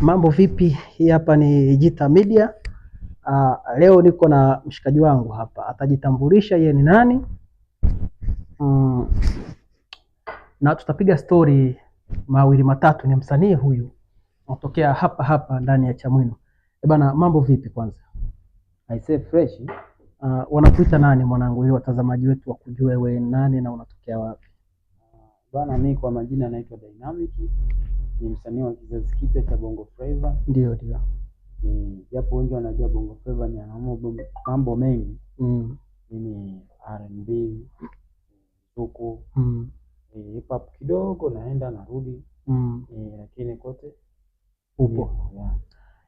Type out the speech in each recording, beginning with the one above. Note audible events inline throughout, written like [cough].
Mambo vipi? Hii hapa ni Jita Media. Uh, leo niko na mshikaji wangu hapa, atajitambulisha yeye ni nani, mm, na tutapiga stori mawili matatu. Ni msanii huyu natokea hapa hapa ndani ya Chamwino. E bana, mambo vipi? Kwanza I say fresh. Uh, wanakuita nani mwanangu, ili watazamaji wetu wakujue wewe nani na unatokea wapi? bana, mimi kwa majina naitwa Dynamic ni msanii wa kizazi kipya cha Bongo Flava. Ndio, ndio. Japo wengi wanajua Bongo Flava ni mambo mengi, ni R&B huku hip hop kidogo, naenda narudi, mm. eh, lakini kote upo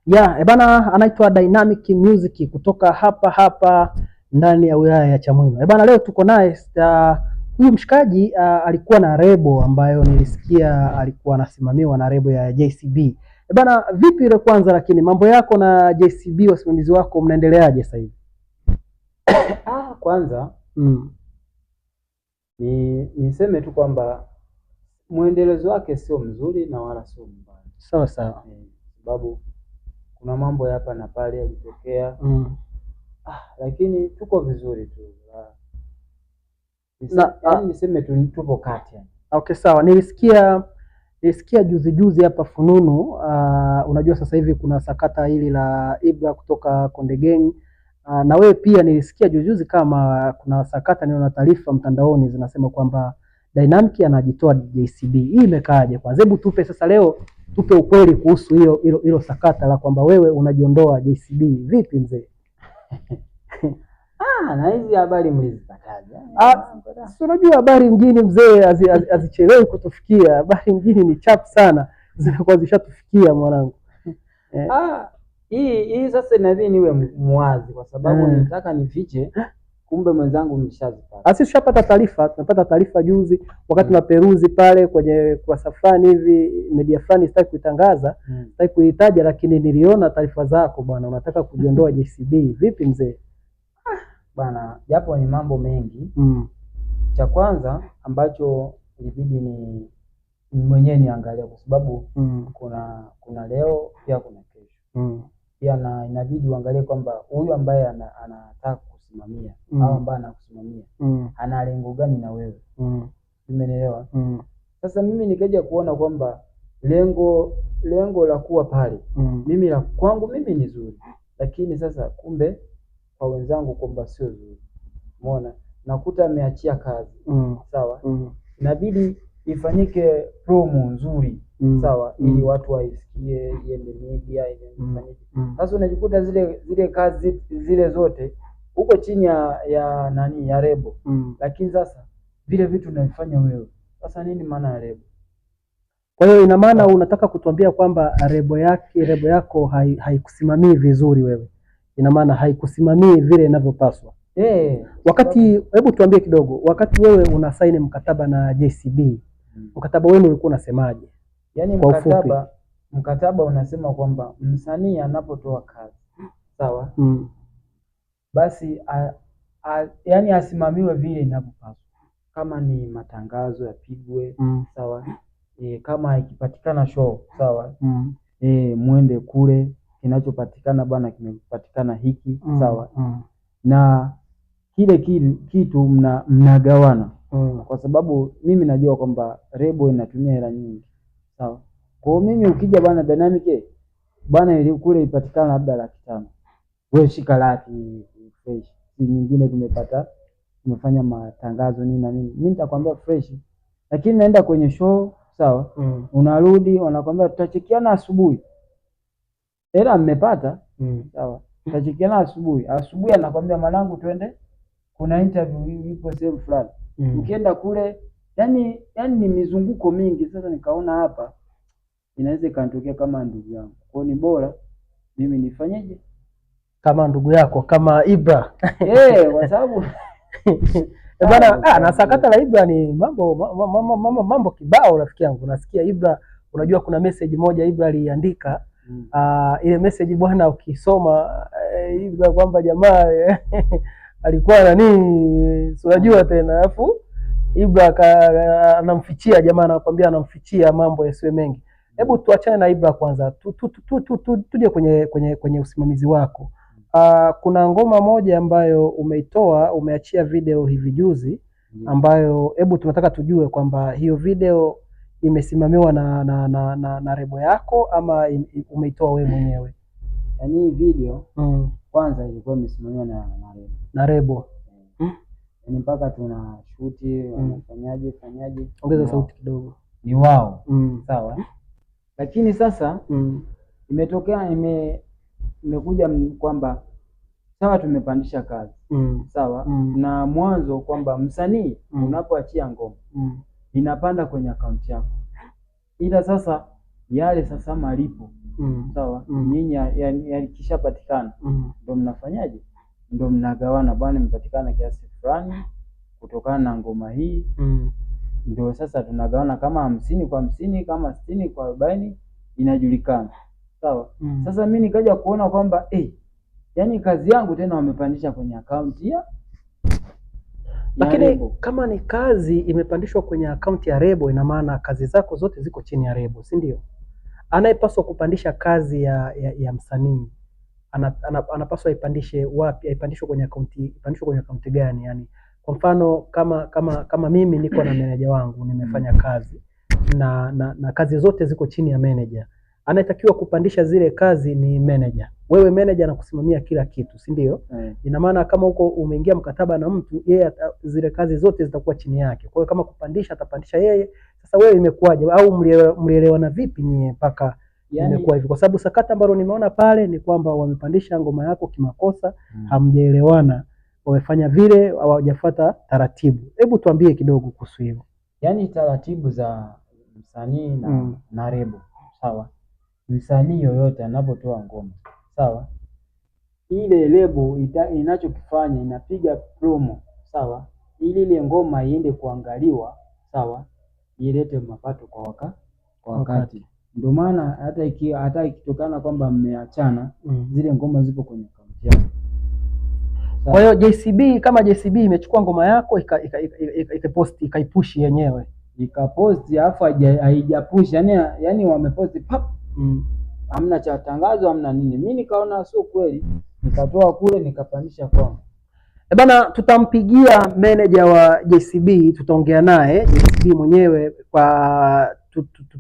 ya ebana. Eh, anaitwa Dynamic Music kutoka hapa hapa ndani ya wilaya ya Chamwino ebana. Eh, leo tuko naye uh, Huyu mshikaji uh, alikuwa na rebo ambayo nilisikia alikuwa anasimamiwa na rebo ya JCB. E eh, bana, vipi ile kwanza, lakini mambo yako na JCB, wasimamizi wako mnaendeleaje sasa hivi? [coughs] Ah, kwanza mm. ni niseme tu kwamba mwendelezo wake sio mzuri na wala sio mbaya. Sawa sawa, eh, sababu mm. kuna mambo ya hapa na pale yalitokea mm. ah, lakini tuko vizuri tu la, ah, Yaani ah. niseme tu tupo kati. Okay, sawa. Nilisikia nilisikia juzi juzi hapa fununu. Uh, unajua sasa hivi kuna sakata hili la Ibra kutoka Konde Gang. Uh, na wewe pia nilisikia juzi juzi kama kuna sakata, niona taarifa mtandaoni zinasema kwamba Dynamic anajitoa JCB. Hii imekaaje? Kwanza hebu tupe sasa leo tupe ukweli kuhusu hilo hilo sakata la kwamba wewe unajiondoa JCB. Vipi mzee? [laughs] Ah, na hizi habari mlizipataje? Ah, si unajua habari mjini mzee hazichelewi kutufikia. Habari mjini ni chapu sana, zinakuwa zishatufikia mwanangu. Eh. [laughs] Ah, hii hii sasa nadhani niwe mwazi kwa sababu hmm, nitaka nifiche kumbe mwenzangu mshazipata. Sisi ah, tushapata taarifa, tunapata taarifa juzi wakati tunaperuzi hmm, pale kwenye kwa safari hivi media fulani, sitaki kuitangaza, hmm. sitaki kuitaja, lakini niliona taarifa zako bwana, unataka kujiondoa [laughs] JCB. Vipi mzee? bana japo ni mambo mengi mm. Cha kwanza ambacho ilibidi ni mwenyewe niangalia kwa sababu mm. kuna kuna leo pia kuna kesho mm. pia na inabidi uangalie kwamba huyu ambaye anataka kusimamia mm. au ambaye anakusimamia mm. ana lengo gani na wewe mm. Umenielewa? mm. Sasa mimi nikaja kuona kwamba lengo lengo la kuwa pale mm. mimi la kwangu mimi ni zuri, lakini sasa kumbe kwa wenzangu kwamba sio zuri. Umeona, nakuta ameachia kazi mm. sawa mm. inabidi ifanyike promo nzuri mm. sawa mm. ili watu waisikie, iende media mm. ifanyike mm. unajikuta zile zile kazi zile zote uko chini ya ya nani ya rebo mm. lakini sasa vile vitu unavifanya wewe, sasa nini maana ya rebo Kwa hiyo ina maana unataka kutuambia kwamba rebo yake rebo yako haikusimamii hai vizuri wewe ina maana haikusimamii vile inavyopaswa. Yeah. Wakati, hebu tuambie kidogo, wakati wewe una saini mkataba na JCB, hmm. mkataba wenu ulikuwa unasemaje? Yaani mkataba, mkataba unasema kwamba msanii anapotoa kazi sawa, hmm, basi a, a, yani asimamiwe vile inavyopaswa, kama ni matangazo yapigwe, mm. sawa e, kama ikipatikana show sawa, mm. e, mwende kule kinachopatikana bwana kimepatikana hiki mm, sawa mm. na kile kitu mna, mnagawana mm. kwa sababu mimi najua kwamba Rebo inatumia hela nyingi sawa. Kwa hiyo mimi ukija bwana dynamic bwana ile kule ipatikana labda laki tano, wewe shika laki fresh, nyingine tumepata tumefanya matangazo nini na nini, mimi nitakwambia fresh, lakini naenda kwenye show sawa mm. unarudi wanakwambia tutachekiana asubuhi hela mmepata mm. sawa, mm. tachikiana asubuhi. Asubuhi anakwambia mwanangu, twende kuna interview ipo sehemu fulani mm. ukienda kule, yani yani ni mizunguko mingi. Sasa nikaona hapa inaweza ikantokea kama ndugu yangu, kwa ni bora mimi nifanyeje kama ndugu yako kama Ibra [laughs] eh, kwa sababu [laughs] eh, bwana ah, na sakata la Ibra ni mambo mambo, mambo, mambo kibao. Rafiki yangu nasikia Ibra, unajua kuna message moja Ibra aliandika mm. Uh, ile message bwana, ukisoma eh, hivi kwamba jamaa eh, [laughs] alikuwa nanii unajua mm. tena, alafu Ibra anamfichia jamaa, anakwambia anamfichia mambo yasiwe mengi. Hebu mm. tuachane na Ibra kwanza, tuje tu, tu, tu, tu, tu, kwenye, kwenye, kwenye usimamizi wako. Uh, kuna ngoma moja ambayo umeitoa umeachia video hivi juzi mm. ambayo hebu tunataka tujue kwamba hiyo video imesimamiwa na, na, na, na, na rebo yako ama umeitoa wewe mwenyewe? Yaani hii video mm. kwanza ilikuwa imesimamiwa na, na rebo, na rebo. Mm. Yaani mpaka tuna shuti hmm. wanafanyaje mm. fanyaje, ongeza sauti kidogo, ni wao mm. sawa lakini sasa mm. imetokea ime imekuja kwamba sawa, tumepandisha kazi mm. sawa mm. na mwanzo kwamba msanii mm. unapoachia ngoma mm inapanda kwenye akaunti yako, ila sasa yale sasa malipo mm. sawa mm. nyinyi yakishapatikana ya, ya mm. ndo mm. mnafanyaje? Ndo mnagawana, bwana, mpatikana kiasi fulani kutokana na ngoma hii mm. ndo sasa tunagawana kama hamsini kwa hamsini kama sitini kwa arobaini inajulikana sawa mm. Sasa mi nikaja kuona kwamba eh, yani kazi yangu tena wamepandisha kwenye akaunti ya lakini kama ni kazi imepandishwa kwenye akaunti ya Rebo, ina maana kazi zako zote ziko chini ya Rebo, si ndio? Anayepaswa kupandisha kazi ya, ya, ya msanii anapaswa ipandishe wapi? Aipandishwe kwenye akaunti, ipandishwe kwenye akaunti gani? Yani kwa mfano kama kama kama mimi niko na meneja wangu nimefanya mm. kazi na, na, na kazi zote ziko chini ya meneja anayetakiwa kupandisha zile kazi ni meneja. Wewe meneja anakusimamia kila kitu, si ndio? Mm. Ina maana kama huko umeingia mkataba na mtu, yeye zile kazi zote zitakuwa chini yake. Kwa hiyo kama kupandisha atapandisha yeye. Sasa wewe imekuwaje au mlielewana vipi nyie mpaka yani, imekuwa hivi? Kwa sababu sakata ambalo nimeona pale ni kwamba wamepandisha ngoma yako kimakosa, mm. hamjaelewana, wamefanya vile, hawajafuata taratibu. Hebu tuambie kidogo kuhusu hilo, yani taratibu za msanii na, mm. na rebo sawa msanii yoyote anapotoa ngoma sawa, ile lebo inachokifanya inapiga promo sawa, ili ile ngoma iende kuangaliwa sawa, ilete mapato kwa waka, kwa wakati. Ndio maana hata iki, hata ikitokana kwamba mmeachana mm. zile ngoma zipo kwenye akaunti yako. Kwa hiyo JCB kama JCB imechukua ngoma yako ikaposti ikaipushi yenyewe ikaposti, alafu haijapushi yani, yani wamepost pap mm. hamna cha tangazo, hamna nini. Mimi nikaona sio kweli, nikatoa kule nikapandisha kwangu. E bana, tutampigia meneja wa JCB, tutaongea naye JCB mwenyewe kwa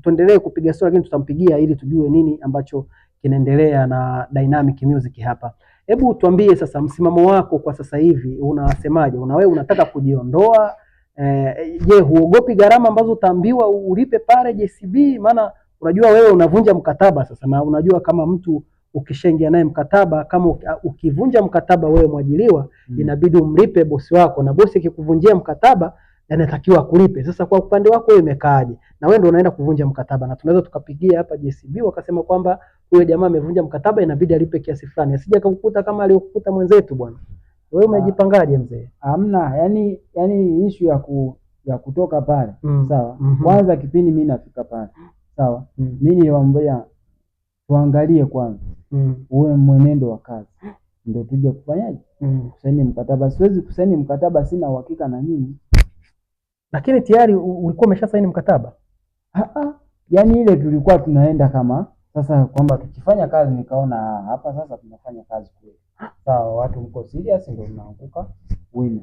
tuendelee kupiga stori, lakini tutampigia ili tujue nini ambacho kinaendelea na Dynamic Music hapa. Hebu tuambie sasa msimamo wako kwa sasa hivi unasemaje? Una wewe unataka kujiondoa? Eh, je, eh, huogopi gharama ambazo utaambiwa ulipe pale JCB? Maana Unajua wewe unavunja mkataba sasa, na unajua kama mtu ukishaingia naye mkataba, kama ukivunja mkataba wewe mwajiliwa, mm. inabidi umlipe bosi wako, na bosi akikuvunjia mkataba anatakiwa kulipe. Sasa kwa upande wako wewe imekaaje? Na wewe ndio unaenda kuvunja mkataba, na tunaweza tukapigia hapa JCB wakasema kwamba huyo jamaa amevunja mkataba, inabidi alipe kiasi fulani, asije akakukuta kama aliyokukuta mwenzetu. Bwana wewe ah. umejipangaje mzee? Hamna, yani yani issue ya ku, ya kutoka pale mm. sawa mm -hmm. Kwanza kipindi mimi nafika pale sawa mm. mi tuangalie kwanza mm. uwe mwenendo wa kazi ndio tuje kufanyaje mm. kusaini mkataba. Siwezi kusaini mkataba, sina uhakika na nyinyi. Lakini tayari ulikuwa saini mkataba? Aa, ah, ah. yani ile tulikuwa tunaenda kama sasa kwamba tukifanya kazi, nikaona ah, hapa sasa tunafanya kazi kweli, sawa, watu mko serious, ndio mnaanguka wina.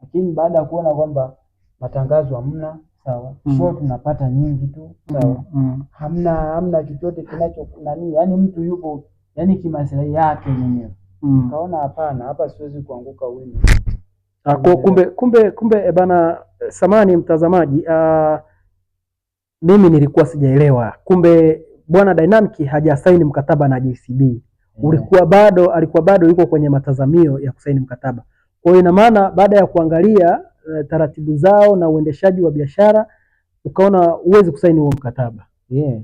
Lakini baada ya kuona kwamba matangazo hamna, sawa show mm. tunapata nyingi tu sawa mm, mm. hamna hamna chochote kinacho nani yani mtu yupo yani kimaslahi yake mwenyewe nikaona hapana hapa siwezi kuanguka wini ah, kwa kumbe kumbe kumbe e bana eh, samani mtazamaji uh, mimi nilikuwa sijaelewa kumbe bwana Dynamic hajasaini mkataba na JCB yeah. ulikuwa bado alikuwa bado yuko kwenye matazamio ya kusaini mkataba kwa hiyo ina maana baada ya kuangalia Eh, taratibu zao na uendeshaji wa biashara, ukaona uwezi kusaini huo mkataba yeah.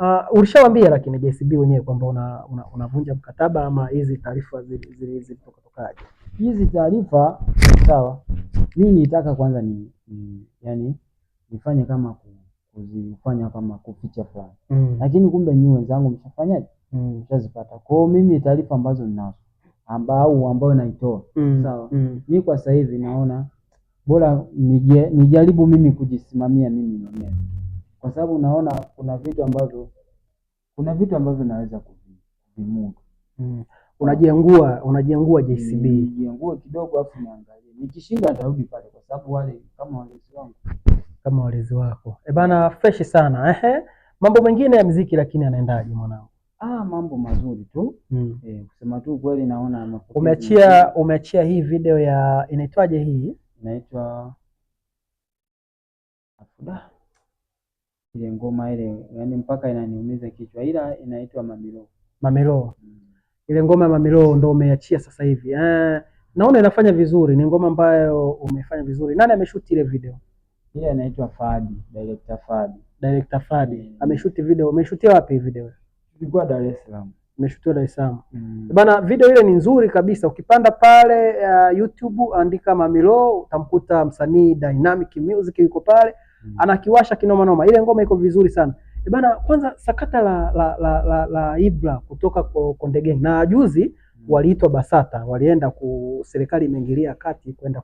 Uh, ulishawaambia lakini JCB wenyewe kwamba unavunja una, una mkataba ama hizi taarifa zilitokaje? Hizi taarifa sawa, mi nitaka kwanza ni, ni yani nifanye kama kuzifanya kama kuficha fulani mm. Lakini kumbe nyinyi wenzangu mshafanyaje? mm. Mshazipata. Kwa mimi taarifa ambazo ninazo ambao ambayo naitoa mm. sawa mm. mi kwa sasa hivi naona bora nijaribu mimi kujisimamia mimi mwenyewe, kwa sababu naona kuna vitu ambavyo kuna vitu ambavyo naweza kuvimudu mm. Unajiangua, unajiangua JCB, mm, jiangua kidogo, afu niangalie nikishinda nitarudi pale, kwa sababu wale kama walezi wangu kama walezi wako Eh, bana, fresh sana ehe. Mambo mengine ya muziki lakini anaendaje mwanangu? Ah, mambo mazuri tu mm. Eh, kusema tu kweli naona umeachia umeachia hii video ya inaitwaje hii inaitwa afuda ile ngoma ile, yani mpaka inaniumiza kichwa, ila inaitwa Mamilo. Mamilo. hmm. Ile ngoma ya Mamilo ndio umeachia sasa hivi. Eh, naona inafanya vizuri, ni ngoma ambayo umefanya vizuri. Nani ameshuti ile video? Ile inaitwa Fadi, director Fadi. Director Fadi. hmm. ameshuti video, umeshutia wapi video? Ilikuwa Dar es Salaam nimeshutiwa Dar es Salaam. Mm. Bana, video ile ni nzuri kabisa. Ukipanda pale uh, YouTube andika Mamilo utamkuta msanii Dynamic Music yuko pale. Mm. Anakiwasha kinoma noma. Ile ngoma iko vizuri sana. E bana, kwanza sakata la la la, la, la Ibra kutoka Konde Gang. Na juzi mm. waliitwa Basata, walienda ku serikali imeingilia kati kwenda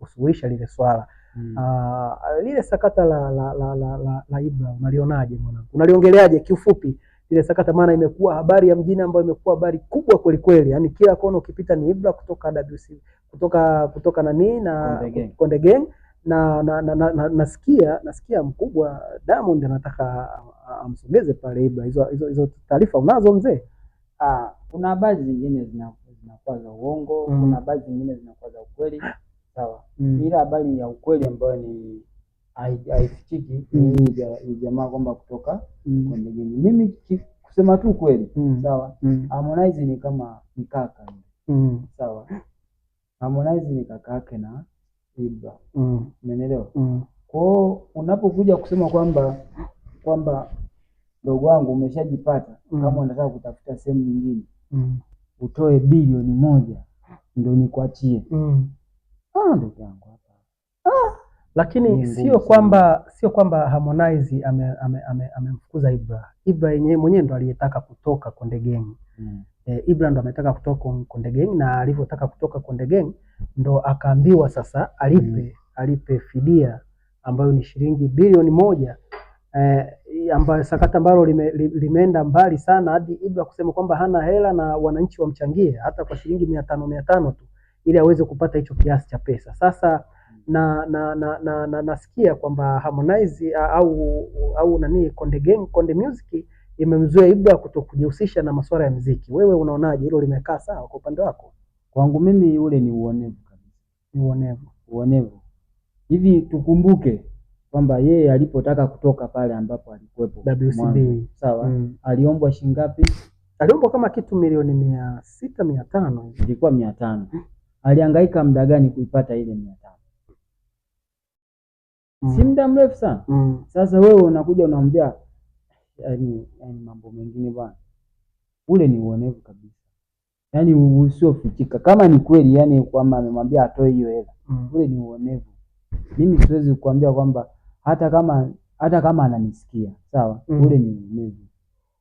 kusuluhisha lile swala. Mm. Uh, lile sakata la la la la, la, la Ibra unalionaje mwanangu? Unaliongeleaje kiufupi? ile sakata, maana imekuwa habari ya mjini ambayo imekuwa habari kubwa kweli kweli, yani kila kona ukipita ni Ibra kutoka WC kutoka kutoka nani na Konde Gang na na, na, na, na nasikia nasikia mkubwa Diamond anataka amsogeze pale Ibra. Hizo hizo hizo taarifa unazo mzee? Ah, kuna habari zingine zinakuwa za uongo mm. Kuna habari zingine zinakuwa za ukweli mm. sawa mm. habari ya ukweli ambayo ni haifichiki mm. hii jamaa kwamba kutoka mm. kwenye Mimi kusema tu kweli, mm. sawa, Harmonize ni kama mkaka kaka, sawa. Harmonize ni kaka yake na Ibra, umeelewa? Kwao unapokuja kusema kwamba kwamba ndogo wangu umeshajipata, kama unataka kutafuta sehemu nyingine utoe bilioni moja ndo nikuachie, ah, ndugu yangu lakini sio kwamba sio kwamba Harmonize amemfukuza Ibra. Ibra mwenyewe ndo aliyetaka kutoka Konde Gang mm. E, Ibra ndo ametaka kutoka Konde Gang na alivyotaka kutoka Konde Gang ndo akaambiwa sasa alipe mm. alipe fidia ambayo ni shilingi bilioni moja e, ambayo sakata ambalo lime, limeenda mbali sana hadi Ibra kusema kwamba hana hela na wananchi wamchangie hata kwa shilingi mia tano mia tano tu ili aweze kupata hicho kiasi cha pesa sasa na na na, na, na nasikia kwamba Harmonize au au nani Konde Gang Konde Music imemzuia Ibra kutokujihusisha na masuala ya muziki. Wewe unaonaje hilo, limekaa sawa kwa upande wako? Kwangu mimi ule ni uonevu kabisa, ni uonevu, uonevu. Hivi tukumbuke kwamba yeye alipotaka kutoka pale ambapo alikuwepo WCB, sawa mm. aliombwa shingapi? Aliombwa kama kitu milioni mia sita mia tano ilikuwa mia tano Alihangaika muda gani kuipata ile mia tano? mm. si muda mrefu sana mm. Sasa wewe unakuja unamwambia yani, yani mambo mengine bwana, ule ni uonevu kabisa, yani usiofichika. Kama ni kweli yani kwamba amemwambia atoe hiyo hela mm. ule ni uonevu. Mimi siwezi kukuambia kwamba hata kama hata kama ananisikia sawa mm. ule ni uonevu,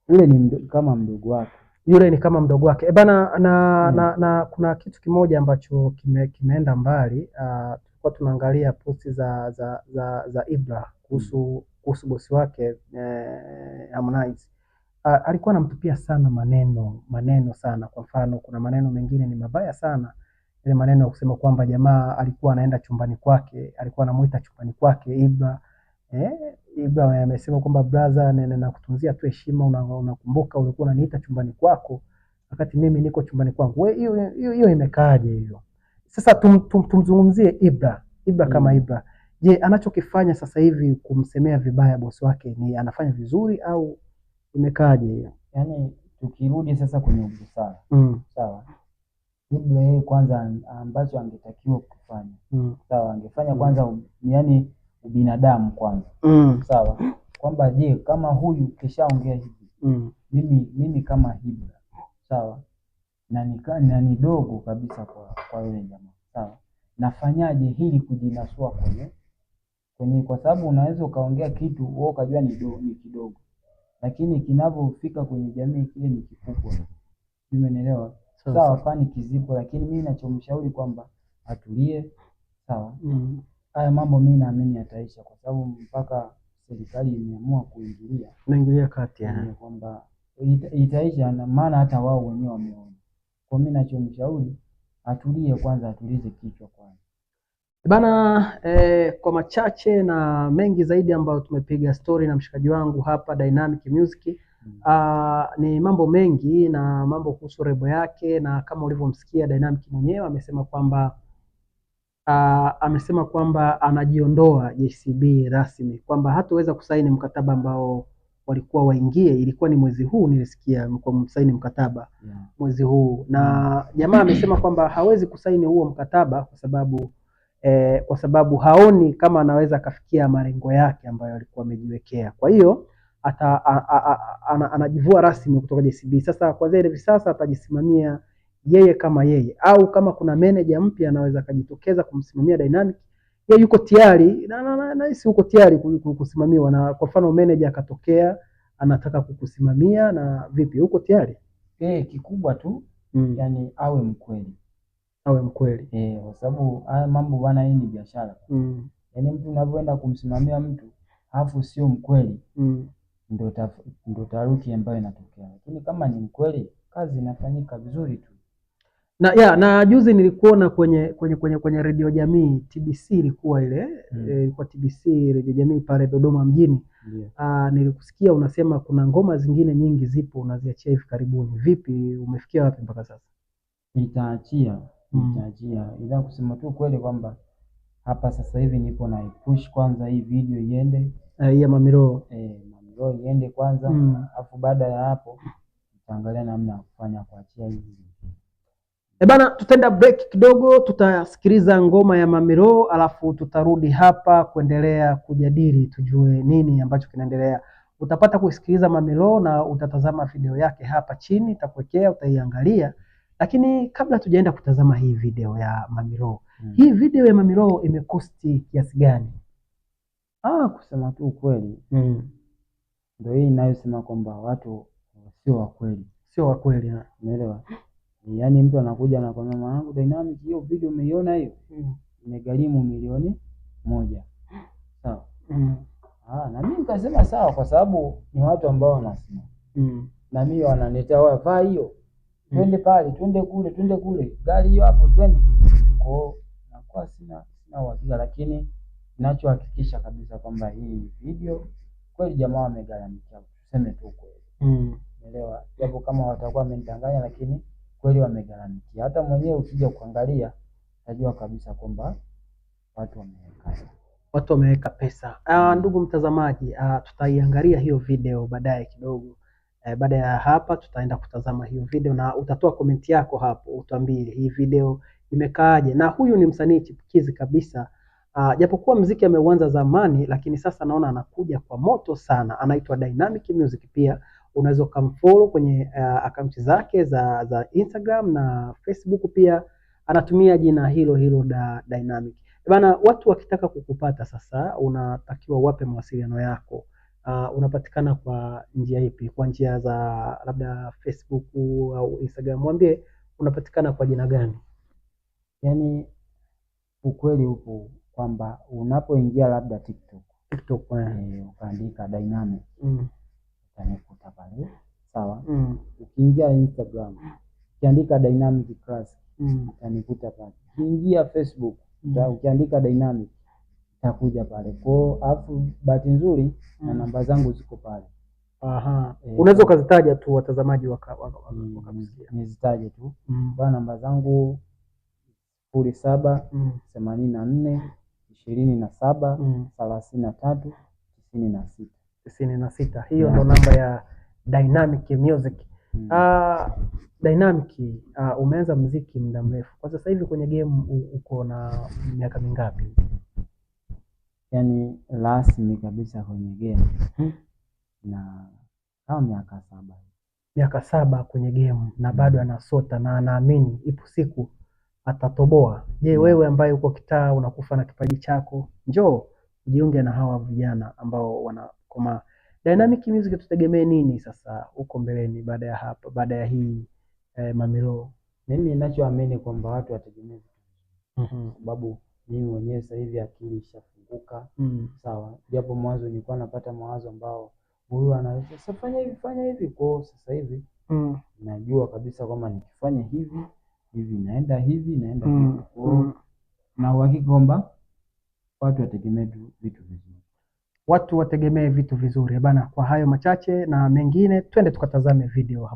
ule ni mdo, kama mdogo wake yule ni kama mdogo wake eh, bana na, hmm. na, na kuna kitu kimoja ambacho kime, kimeenda mbali uh, tulikuwa tunaangalia posti za, za, za, za Ibra kuhusu mm. kuhusu bosi wake eh, Harmonize alikuwa anamtupia sana maneno maneno sana. Kwa mfano, kuna maneno mengine ni mabaya sana, ile maneno ya kusema kwamba jamaa alikuwa anaenda chumbani kwake, alikuwa anamuita chumbani kwake Ibra eh, Ibra amesema kwamba brother, nene na kutunzia tu heshima, unakumbuka una ulikuwa unaniita chumbani kwako wakati mimi niko chumbani kwangu. Wewe hiyo hiyo imekaaje hiyo? Sasa tum, tum, tumzungumzie Ibra Ibra mm. kama mm. Ibra, je, anachokifanya sasa hivi kumsemea vibaya bosi wake ni anafanya vizuri au imekaaje? Yani tukirudi sasa kwenye ubusara mm. sawa Ibra yeye kwanza ambacho angetakiwa kufanya mm. sawa, angefanya mm. kwanza mm. yani ubinadamu kwanza mm. sawa, kwamba je, kama huyu kishaongea hivi mm. mimi mimi kama Ibra sawa na ni na ni dogo kabisa kwa kwa yule jamaa sawa. Nafanyaje hili kujinasua kwenye kwenye, kwa sababu unaweza ukaongea kitu wewe ukajua ni do, ni kidogo, lakini kinavyofika kwenye jamii kile ni kikubwa. Umeelewa? Sawa, fani kizipo, lakini mimi ninachomshauri kwamba atulie, sawa. mm haya -hmm. mambo mimi naamini yataisha, kwa sababu mpaka serikali imeamua kuingilia, naingilia kati ya kwamba itaisha, na maana hata wao wenyewe wameona kwa mimi nachomshauri atulie kwanza, atulize kichwa kwanza bana eh, kwa machache na mengi zaidi ambayo tumepiga story na mshikaji wangu hapa Dynamic Music. Mm. Uh, ni mambo mengi na mambo kuhusu rebo yake, na kama ulivyomsikia Dynamic mwenyewe amesema kwamba uh, amesema kwamba anajiondoa JCB rasmi, kwamba hataweza kusaini mkataba ambao walikuwa waingie, ilikuwa ni mwezi huu nilisikia kwa msaini mkataba yeah. mwezi huu na mm. jamaa amesema kwamba hawezi kusaini huo mkataba kwa sababu eh, kwa sababu haoni kama anaweza akafikia malengo yake ambayo alikuwa amejiwekea. Kwa hiyo anajivua rasmi kutoka JCB. Sasa zile hivi sasa atajisimamia yeye kama yeye, au kama kuna meneja mpya anaweza akajitokeza kumsimamia Dynamic yeye yuko tayari na na, na, na yuko tayari kusimamiwa, na kwa mfano manager akatokea anataka kukusimamia na vipi, uko tayari eh? Kikubwa tu mm. Yani awe mkweli, awe mkweli eh, kwa sababu haya mambo bwana, hii ni biashara mm. Yani mtu unavyoenda kumsimamia mtu alafu sio mkweli mm. Ndo taruki ambayo inatokea, lakini kama ni mkweli kazi inafanyika vizuri tu na ya, na juzi nilikuona kwenye kwenye kwenye kwenye redio jamii TBC ilikuwa ile mm. ilikuwa TBC redio jamii pale Dodoma mjini yeah. Aa, ah, nilikusikia unasema kuna ngoma zingine nyingi zipo unaziachia hivi karibuni, vipi, umefikia wapi mpaka sasa? Nitaachia hmm. nitaachia mm. ila kusema tu kweli kwamba hapa sasa hivi nipo na push kwanza hii video iende ah, hii ya Mamiro eh, Mamiro iende kwanza, mm. afu baada ya hapo nitaangalia namna ya kufanya kuachia hivi E bana, tutaenda break kidogo, tutasikiliza ngoma ya Mamiro alafu tutarudi hapa kuendelea kujadili, tujue nini ambacho kinaendelea. Utapata kusikiliza Mamiro na utatazama video yake hapa chini, itakuwekea utaiangalia. Lakini kabla tujaenda kutazama hii video ya Mamiro hmm. hii video ya Mamiro imekosti kiasi gani? Ah, kusema tu ukweli hmm. ndio hii inayosema kwamba watu sio wakweli, sio wakweli, naelewa. Yaani mtu anakuja anakwambia mwanangu Dynamic hiyo video umeiona hiyo? Mm. milioni moja. Sawa. Mm. Ah, na mimi nikasema sawa kwa sababu ni watu ambao wanasema. Mm. Na mimi wananiletea wewe vaa hiyo. Mm. Twende pale, twende kule, twende kule. Gari hiyo hapo twende. Kwa nakuwa sina sina uhakika lakini ninachohakikisha kabisa kwamba hii video kweli jamaa wamegharamikia. Tuseme tu kweli. Mm. Elewa, japo kama watakuwa wamenidanganya lakini kweli wamegaramikia. Hata mwenyewe ukija kuangalia utajua kabisa kwamba watu wameweka watu wameweka pesa. Uh, ndugu mtazamaji, uh, tutaiangalia hiyo video baadaye kidogo. Uh, baada ya hapa tutaenda kutazama hiyo video na utatoa komenti yako hapo, utuambie hii video imekaaje. Na huyu ni msanii chipukizi kabisa. Uh, japokuwa mziki ameuanza zamani, lakini sasa naona anakuja kwa moto sana. Anaitwa Dynamic Music pia unaweza ukamfollow kwenye uh, eh, akaunti zake za, za Instagram na Facebook pia anatumia jina hilo hilo da Dynamic. Eh, bana, watu wakitaka kukupata sasa, unatakiwa wape mawasiliano yako. Uh, unapatikana kwa njia ipi? Kwa njia za labda Facebook au Instagram? Mwambie unapatikana kwa jina gani? Yani ukweli upo kwamba unapoingia labda TikTok, TikTok eh. ukaandika Dynamic mm utakuta pale, sawa. Mm. Ukiingia Instagram ukiandika Dynamic Class mm. utanikuta pale. Ukiingia Facebook mm. ukiandika Dynamic utakuja pale kwao, alafu bahati nzuri na namba zangu ziko pale. Aha. E, unaweza ukazitaja tu watazamaji Nizitaje tu bwana, namba zangu sifuri saba themanini na nne ishirini na saba thelathini na tatu tisini na sita tisini na sita. Hiyo ndo namba ya Dynamic Music. Uh, Dynamic uh, umeanza mziki muda mrefu kwa sasa hivi kwenye game uko na miaka mingapi? Yani rasmi kabisa kwenye game hmm. na kama miaka saba, miaka saba kwenye game na bado anasota na anaamini ipo siku atatoboa. Je, hmm. wewe ambaye uko kitaa unakufa na kipaji chako, njoo ujiunge na hawa vijana ambao wana kukomaa. Dynamic Music tutegemee nini sasa huko mbeleni baada ya hapa, baada ya hii eh, Mamilo? Mimi ninachoamini kwamba watu wategemee mm sababu mimi mwenyewe sasa hivi akili ishafunguka mm. Sawa, japo mwanzo nilikuwa napata mawazo ambao huyu anaweza safanya hivi fanya hivi kwa Sasa hivi mm. najua kabisa kwamba nikifanya hivi hivi naenda hivi naenda mm. hivi Kwa, mm. na uhakika kwamba watu wategemee tu vitu vizuri watu wategemee vitu vizuri bana. Kwa hayo machache na mengine, twende tukatazame video hapa.